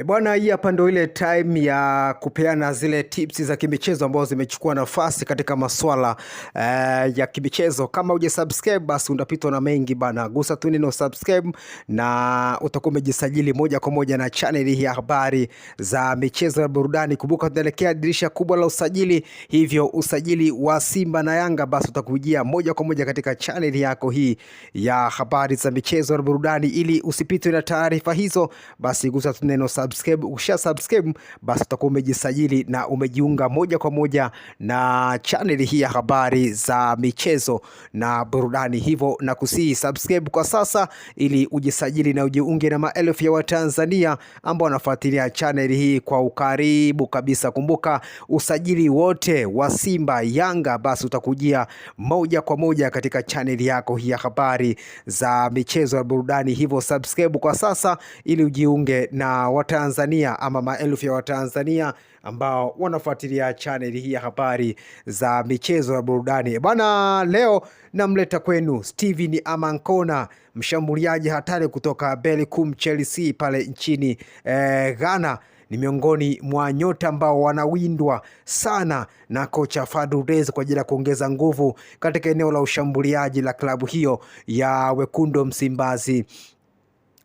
E bwana, hii hapa ndio ile time ya kupeana zile tips za kimichezo ambazo zimechukua nafasi katika masuala uh, eh, ya kimichezo. Kama uje subscribe, basi unapitwa na mengi bana, gusa tu neno subscribe na utakuwa umejisajili moja kwa moja na channel hii ya habari za michezo na burudani. Kumbuka tunaelekea dirisha kubwa la usajili, hivyo usajili wa Simba na Yanga basi utakujia moja kwa moja katika channel yako hii ya habari za michezo na burudani. Ili usipitwe na taarifa hizo, basi gusa tu neno subscribe subscribe. Ukisha subscribe, basi utakuwa umejisajili na umejiunga moja kwa moja na channel hii ya habari za michezo na burudani, hivyo na kusihi subscribe kwa sasa, ili ujisajili na ujiunge na maelfu ya Watanzania ambao wanafuatilia channel hii kwa ukaribu kabisa. Kumbuka usajili wote wa Simba, Yanga, basi utakujia moja kwa moja katika channel yako hii ya habari za michezo na burudani, hivyo subscribe kwa sasa ili ujiunge na wata Watanzania ama maelfu ya Watanzania ambao wanafuatilia chaneli hii ya habari za michezo na burudani. Bwana, leo namleta kwenu Steven Amankona, mshambuliaji hatari kutoka Belikum Chelsea pale nchini eh, Ghana ni miongoni mwa nyota ambao wanawindwa sana na kocha Fadlu Davids kwa ajili ya kuongeza nguvu katika eneo la ushambuliaji la klabu hiyo ya wekundu Msimbazi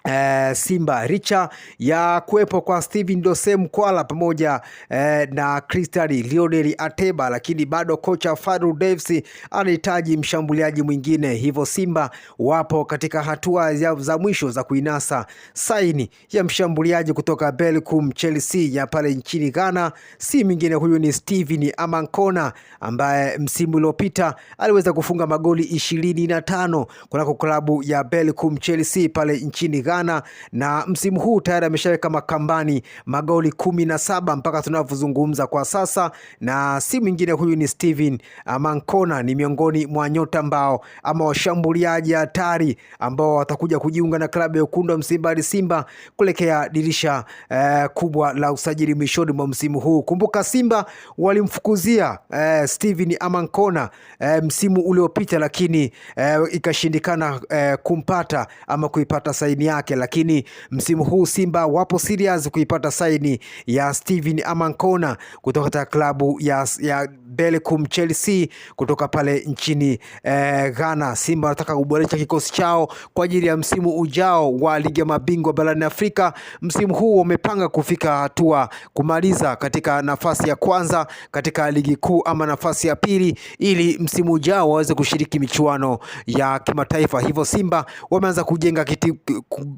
Uh, Simba richa ya kuwepo kwa Steven Dose Mkwala pamoja uh, na Christian Lionel Ateba, lakini bado kocha Fadlu Davis anahitaji mshambuliaji mwingine, hivyo Simba wapo katika hatua za mwisho za kuinasa saini ya mshambuliaji kutoka Belgium Chelsea ya pale nchini Ghana, si mwingine huyu ni Steven Amankona ambaye msimu uliopita aliweza kufunga magoli ishirini na tano kunako klabu ya Belgium Chelsea pale nchini Ghana. Ghana, na msimu huu tayari ameshaweka makambani magoli kumi na saba mpaka tunavyozungumza kwa sasa, na si mwingine huyu ni Steven uh, Mankona, ni miongoni mwa nyota ambao ama washambuliaji hatari ambao watakuja kujiunga na klabu ya Wekundu wa Msimbazi Simba kuelekea dirisha eh, kubwa la usajili mwishoni mwa msimu huu. Kumbuka Simba walimfukuzia eh, Steven Amankona eh, msimu uliopita, lakini eh, ikashindikana eh, kumpata ama kuipata saini yake yake, lakini msimu huu Simba wapo serious kuipata saini ya Steven Amankona kutoka klabu ya, ya Belekum Chelsea kutoka pale nchini eh, Ghana. Simba wanataka kuboresha kikosi chao kwa ajili ya msimu ujao wa ligi ya mabingwa barani Afrika. Msimu huu wamepanga kufika hatua kumaliza katika nafasi ya kwanza katika ligi kuu ama nafasi ya pili, ili msimu ujao waweze kushiriki michuano ya kimataifa. Hivyo Simba wameanza kujenga, kiti,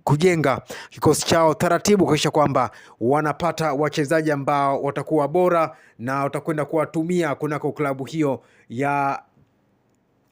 kujenga kikosi chao taratibu kuhakikisha kwamba wanapata wachezaji ambao watakuwa bora na watakwenda kuwatumia kunako klabu hiyo ya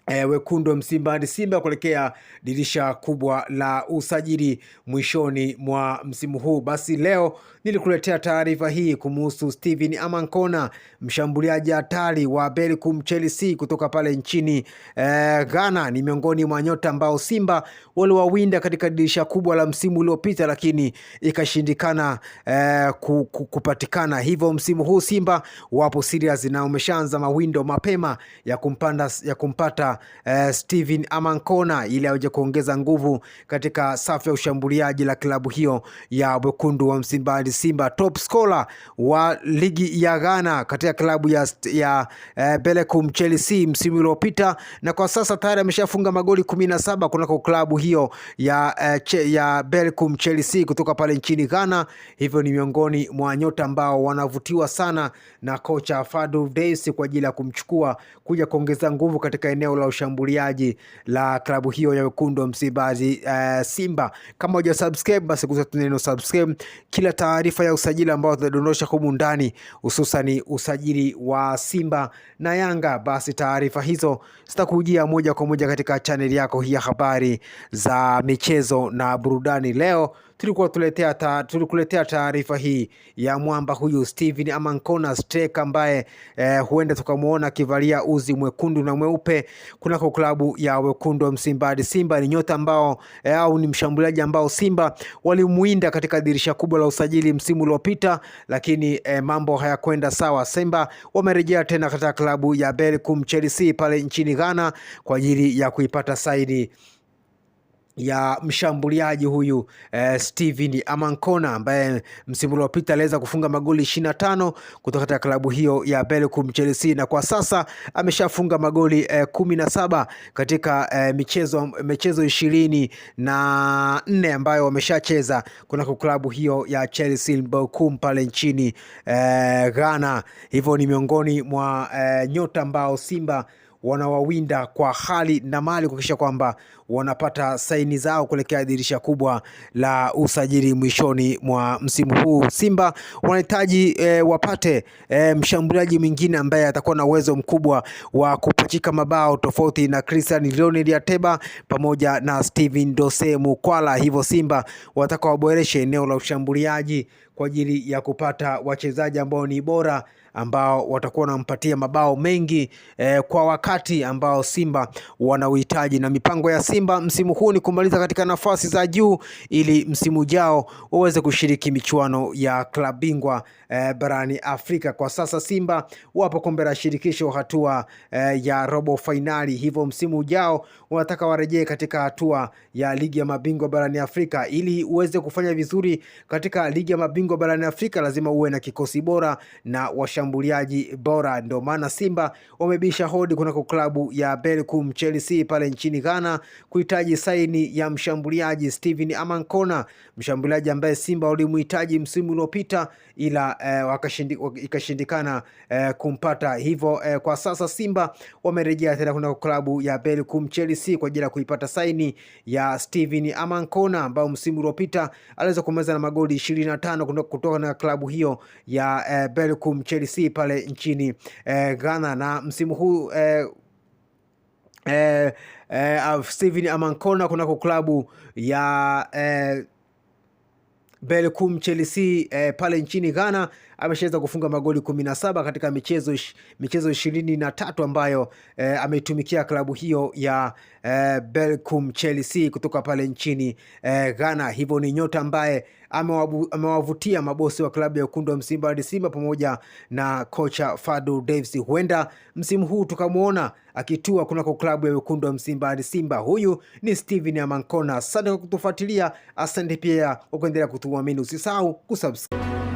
E, wekundu wa Msimbazi Simba kuelekea dirisha kubwa la usajili mwishoni mwa msimu huu. Basi leo nilikuletea taarifa hii kumuhusu Steven Amankona, mshambuliaji hatari wa Belcom Chelsea kutoka pale nchini eh, Ghana. Ni miongoni mwa nyota ambao Simba waliwawinda katika dirisha kubwa la msimu uliopita, lakini ikashindikana eh, kupatikana. Hivyo msimu huu Simba wapo serious na umeshaanza mawindo mapema ya, kumpanda, ya kumpata eh, Steven Amankona ili aweze kuongeza nguvu katika safu ya ushambuliaji la klabu hiyo ya wekundu wa Msimbazi Simba, top scorer wa ligi ya Ghana katika klabu ya, ya eh, Belekum Chelsea msimu uliopita, na kwa sasa tayari ameshafunga magoli 17 kunako klabu hiyo ya, eh, ya Belekum Chelsea kutoka pale nchini Ghana. Hivyo ni miongoni mwa nyota ambao wanavutiwa sana na kocha Fadlu Davis kwa ajili ya kumchukua kuja kuongeza nguvu katika eneo la ushambuliaji la klabu hiyo ya wekundu wa Msimbazi eh, Simba. Kama hujasubscribe basi gusa neno subscribe kila taa taarifa ya usajili ambao tunadondosha humu ndani, hususani usajili wa Simba na Yanga, basi taarifa hizo zitakujia moja kwa moja katika chaneli yako hii ya habari za michezo na burudani leo tulikuwa tulikuletea taarifa hii ya mwamba huyu Steven Amankona Streka ambaye eh, huenda tukamwona akivalia uzi mwekundu na mweupe kunako klabu ya wekundu wa Msimbazi Simba. Ni nyota ambao eh, au ni mshambuliaji ambao Simba walimuinda katika dirisha kubwa la usajili msimu uliopita, lakini eh, mambo hayakwenda sawa. Simba wamerejea tena katika klabu ya Belgium Chelsea pale nchini Ghana kwa ajili ya kuipata saini ya mshambuliaji huyu eh, Steven Amankona ambaye msimu uliopita aliweza kufunga magoli 25 kutoka katika klabu hiyo ya Belgium Chelsea, na kwa sasa ameshafunga magoli eh, 17 katika eh, michezo michezo ishirini na nne ambayo wameshacheza kunako klabu hiyo ya Chelsea Belgium pale nchini eh, Ghana. Hivyo ni miongoni mwa eh, nyota ambao Simba wanawawinda kwa hali na mali kuhakikisha kwamba wanapata saini zao kuelekea dirisha kubwa la usajili mwishoni mwa msimu huu. Simba wanahitaji e, wapate e, mshambuliaji mwingine ambaye atakuwa na uwezo mkubwa wa kupachika mabao tofauti na Christian Leonel Ateba pamoja na Steven Dose Mukwala. Hivyo Simba wataka waboreshe eneo la ushambuliaji kwa ajili ya kupata wachezaji ambao ni bora ambao watakuwa wanampatia mabao mengi e, kwa wakati ambao Simba wanauhitaji na mipango ya Simba Simba msimu huu ni kumaliza katika nafasi za juu ili msimu ujao waweze kushiriki michuano ya klabu bingwa eh, barani Afrika. Kwa sasa Simba wapo kombe la shirikisho hatua eh, ya robo fainali, hivyo msimu ujao wanataka warejee katika hatua ya ligi ya mabingwa barani Afrika. Ili uweze kufanya vizuri katika ligi ya mabingwa barani Afrika, lazima uwe na kikosi bora na washambuliaji bora. Ndio maana Simba wamebisha hodi kunako klabu ya Belkum Chelsea pale nchini Ghana kuhitaji saini ya mshambuliaji Steven Amankona, mshambuliaji ambaye Simba walimhitaji msimu uliopita ila eh, ikashindikana eh, kumpata. Hivyo eh, kwa sasa Simba wamerejea tena kuna klabu ya Belcom Chelsea kwa ajili ya kuipata saini ya Steven Amankona ambao msimu uliopita aliweza kumeza na magoli 25 kutoka na klabu hiyo ya eh, Belcom Chelsea pale nchini eh, Ghana na msimu huu eh, eh, eh, Steven Amankona kunako klabu ya eh, Belkum Chelsea eh, pale nchini Ghana ameshaweza kufunga magoli 17 katika michezo michezo 23 ambayo eh, ameitumikia klabu hiyo ya eh, Belkum Chelsea kutoka pale nchini eh, Ghana. Hivyo ni nyota ambaye amewavutia mabosi wa klabu ya wekundu wa Msimbazi Simba pamoja na kocha Fadlu Davids. Huenda msimu huu tukamwona akitua kunako klabu ya wekundu wa Msimbazi Simba. Huyu ni Steven Amankona. Asante kwa kutufuatilia, asante pia kwa kuendelea kutuamini. Usisahau kusubscribe.